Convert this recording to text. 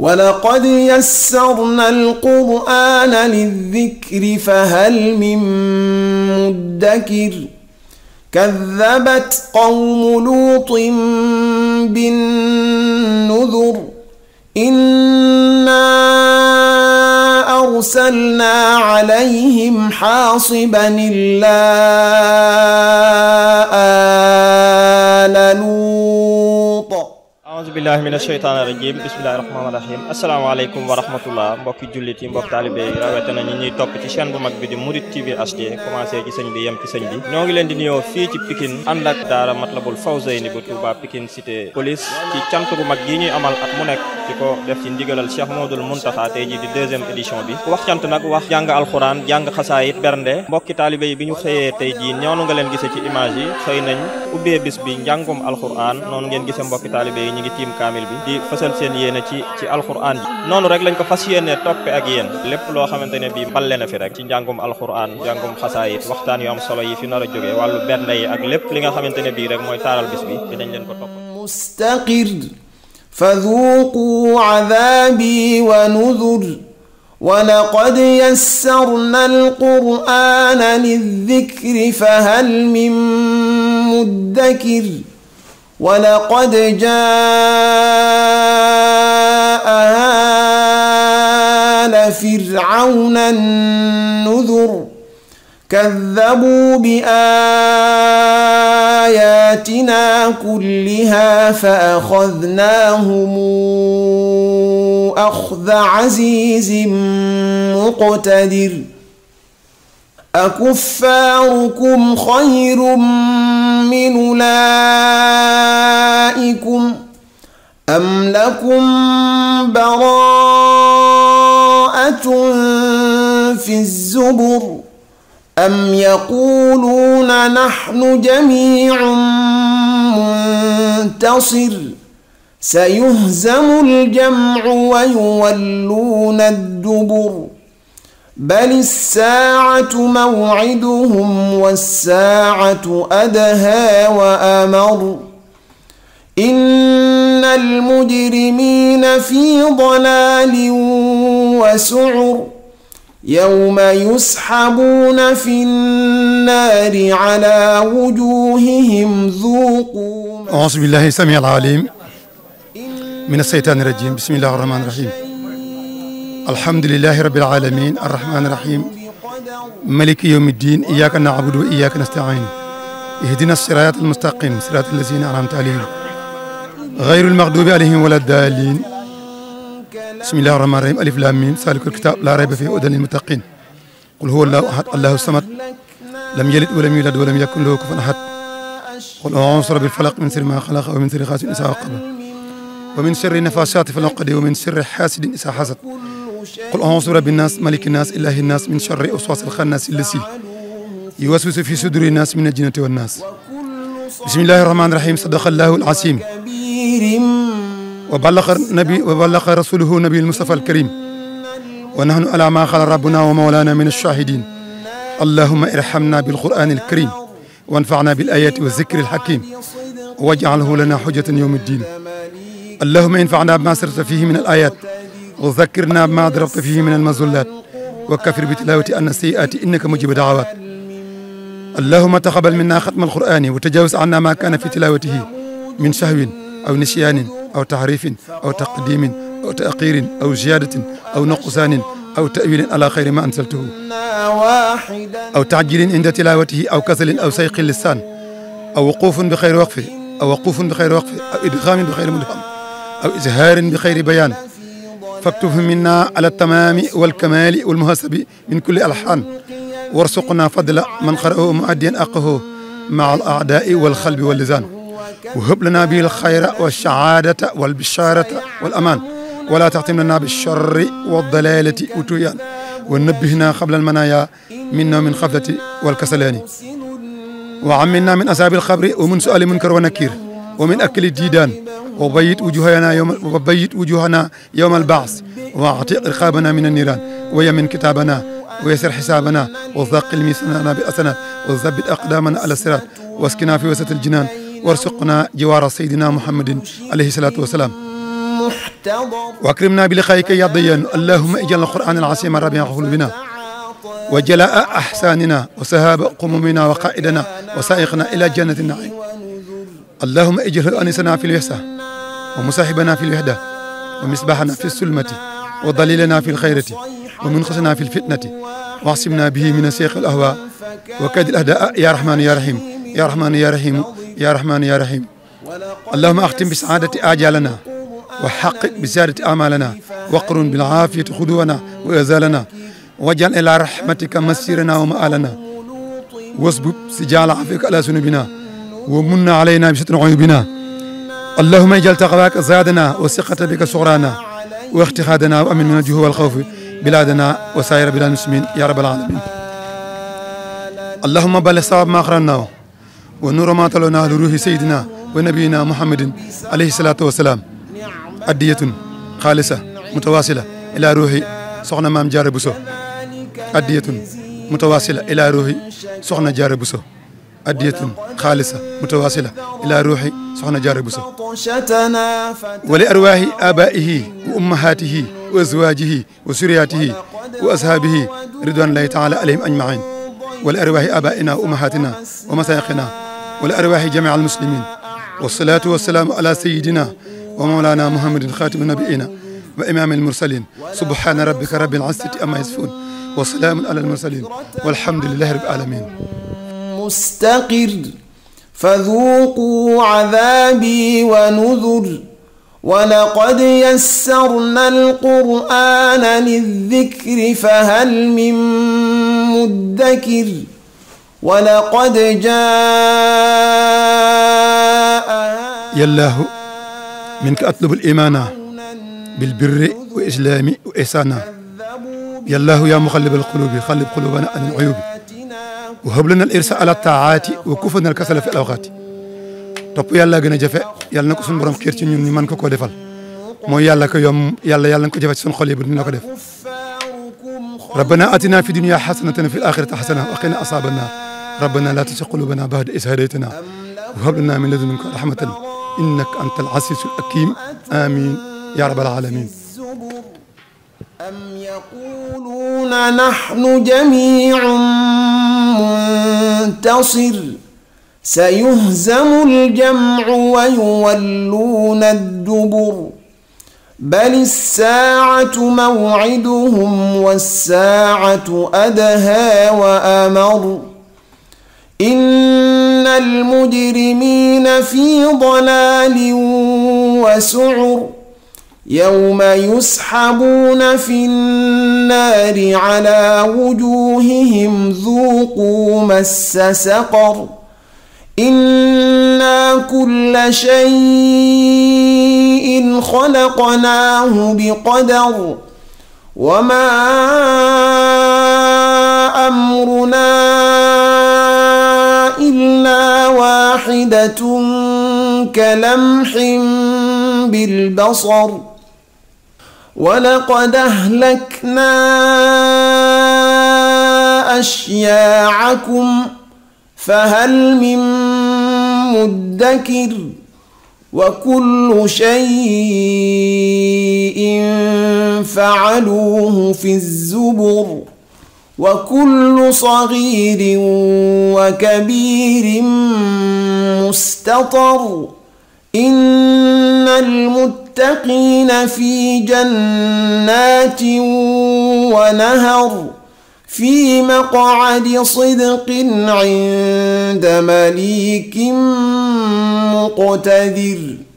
ولقد يسرنا القرآن للذكر فهل من مدكر كذبت قوم لوط بالنذر إنا أرسلنا عليهم حاصبا إلا آل لوط aousubillahi min asheytaani rajim bismillahi rahmaani rahim asalaamaaleykum wa rahmatullah mbokki jullit yi mbokk taalibe yi rawete nañu ñuy topp ci chaîne bu mag bi di Mouride TV HD commencé ci sëñ bi yem ci sëñ bi ñoo ngi leen di nuyoo fii ci Pikine ànd ak daara Matlabul Fawzayni bu Touba Pikine cité police ci cant bu mag yi ñuy amal at mu nekk ci ko def ci ndigalal Cheikh Modou Mountakha tey ji di deuxième édition bi wax cant nag wax jàng alxuraan jàng xasaayit bernde mbokki taalibe yi bi ñu xëyee tey ji ñoonu nga leen gisee ci image yi xëy nañ ubbee bis bi njàngum alxuraan noonu ngeen gisee mbokki taalibe yi ñu ngi tiim kaamil bi di fësal seen yéene ci ci alxuraan ji noonu rek lañ ko fas yéene toppe ak yéen lépp loo xamante ne bi mballe na fi rek ci njàngum alxuraan njàngum xasaayit waxtaan a xamante ne bii rek mooy taaral bi dinañ leen ko topp mustaqir فذوقوا عذابي ونذر ولقد يسرنا القرآن للذكر فهل من مدكر ولقد جاء آل فرعون النذر كذبوا بآياتنا كلها فأخذناهم أخذ عزيز مقتدر أكفاركم خير من أولئكم أم لكم براءة في الزبر أم يقولون نحن جميع منتصر سيهزم الجمع ويولون الدبر بل الساعة موعدهم والساعة أدهى وأمر إن المجرمين في ضلال وسعر يوم يسحبون في النار على وجوههم ذوقوا أعوذ بالله السميع العليم من الشيطان الرجيم بسم الله الرحمن الرحيم الحمد لله رب العالمين الرحمن الرحيم ملك يوم الدين إياك نعبد وإياك نستعين اهدنا الصراط المستقيم صراط الذين أنعمت عليهم غير المغضوب عليهم ولا الضالين bismillahi rahmaani rahiim alif laam miim saalikul kitaab laa rayba fiihi hudan lil muttaqiin qul huwa allaahu ahad allaahu samad lam yalid wa lam yuulad wa lam yakun lahu kufuwan ahad qul a'uuzu bi rabbil falaq min sharri maa xalaq wa min sharri xaasidin izaa waqab wa min sharri nafaasaati fil uqad wa min sharri xaasidin izaa xasad qul a'uuzu bi rabbin naas malikin naas ilaahin naas min sharri waswaasil xannaas allazii yuwaswisu fii suduurin naas minal jinnati wan naas bismillahi rahmaani rahiim sadaqallaahu al-aziim wa ballaqa nabi wa ballaqa rasuluhu nabi almustafa alkarim wa nahnu ala ma xala rabbuna wa mawlana min alshahidin allahuma irhamna bilquran alkarim wanfana bilayati wa zikri alhakim waj'alhu lana hujjatan yawm addin allahuma infana bima sirta fihi min alayat wa zakkirna bima darabta fihi min almazullat wa kafir bitilawati anna sayiati innaka mujibu da'awat اللهم تقبل منا ختم القرآن وتجاوز عنا ما كان في تلاوته من شهو أو نسيان aw taxrifin aw taqdimin aw taxirin aw ziyadatin aw nuqsanin aw tawilin ala xayri ma ansaltuhu aw taajilin inda tilawatihi aw kasalin aw sayqi lisan aw wuqufun bi xayri waqfi aw waqufun bi xayri waqfi aw idgamin bi xayri mudgam aw izharin bi xayri bayan faktub minna ala tamami walkamali walmuhasabi min kulli alxaan warsuqna fadla man xara'ahu muaddiyan aqahu maa al aadai walxalbi wallisaan وهب لنا به الخير والسعادة والبشارة والأمان ولا تختم لنا بالشر والضلالة والطغيان ونبهنا قبل المنايا منا من خفلة والكسلان وعمنا من أصحاب القبر ومن سؤال منكر ونكير ومن أكل الديدان وبيت وجوهنا يوم وبيت وجوهنا يوم البعث واعتق رقابنا من النيران ويمن كتابنا ويسر حسابنا وثقل ميساننا بأسنا وثبت أقدامنا على الصراط واسكنا في وسط الجنان warsuqna jiwaara saydina muhammadin alayhi salaatu wa salaam wakrimna bi liqaayika yaa dayyaanu allahumma ij'al alqur'aan al'aziima rabii'a quluubinaa wa jalaa'a ahsaaninaa wa sahaaba qumuuminaa wa qaa'idanaa wa saa'iqanaa ilaa jannati na'iim allahumma ij'al aniisanaa fil wahsaa wa musaahibanaa fil wahdaa wa misbaahanaa fi sulmati wa daliilanaa fil xayrati wa munqisanaa fil fitnati واعصمنا به من سيق الأهواء وكاد الأهداء يا رحمن يا رحيم يا رحمن يا رحيم يا رحمن يا رحيم اللهم أختم بسعادة آجالنا وحقق بسعادة آمالنا وقرن بالعافية خدونا وإزالنا واجعل إلى رحمتك مسيرنا ومآلنا واصبب سجال عافيك على سنوبنا ومن علينا بستر عيوبنا اللهم اجعل تقواك زادنا وثقة بك صغرانا واختخادنا وأمن من الجهو والخوف بلادنا وسائر بلاد المسلمين يا رب العالمين اللهم بلغ صواب ما أقررناه wa nuura maa talawna li ruuhi sayyidina wa nabiyina muhammadin alayhi salaatu wa salaam addiyatun xaalisa mutawasila ila ruuhi soxna maam jaara buso addiyatun mutawasila ila ruuhi soxna jaara buso addiyatun xaalisa mutawasila ila ruuhi soxna jaara buso wa li arwaahi aabaa'ihi wa ummahaatihi wa azwaajihi wa suriyaatihi wa ashaabihi ridwanullahi taala alayhim ajmain wa li arwaahi aabaa'ina wa ummahaatina wa masaaqina wala arwaahi jamii al muslimin wasalaatu wasalaamu ala sayidina wa mawlana muhammadin xaatimi nabiina wa imaami al mursalin subhaana rabbika rabbil izzati amma yasifuun wa salaamun ala al mursalin walhamdulillahi rabbil alamin mustaqir فذوقوا عذابي ونذر ولقد يسرنا القرآن للذكر فهل من مدكر ولقد جاء يا الله منك أطلب الإيمان بالبر والإسلام وإحسانا يا الله يا مقلب القلوب خلب قلوبنا عن العيوب وهب لنا الإرساء على الطاعات وكفنا الكسل في الأوقات topp yàlla gën a jafe yàlla na ko suñu borom xiir ci ñun ñu mën ko koo defal mooy yàlla ko yom yàlla yàlla na ko jafe ci suñu xol yi bu dina ko def rabbana atina fi dunya hasanatan fi l axirati hasana wa qina asaba annar rabbana laa tuzigh quluubanaa ba'da idh hadaytanaa wa hab lanaa min ladunka rahmatan innaka antal aziizul hakiim amiin yaa rabbal aalamiin am yaquluuna nahnu jamiicun muntasir sayuhzamul jamcu wa yuwalluuna dubur بل الساعة موعدهم والساعة أدهى وأمر إن المجرمين في ضلال وسعر يوم يسحبون في النار على وجوههم ذوقوا مس سقر إنا كل شيء خلقناه بقدر وما أمرنا واحدة كلمح بالبصر ولقد أهلكنا أشياعكم فهل من مدكر وكل شيء فعلوه في الزبر وكل صغير وكبير مستطر إن المتقين في جنات ونهر في مقعد صدق عند مليك مقتدر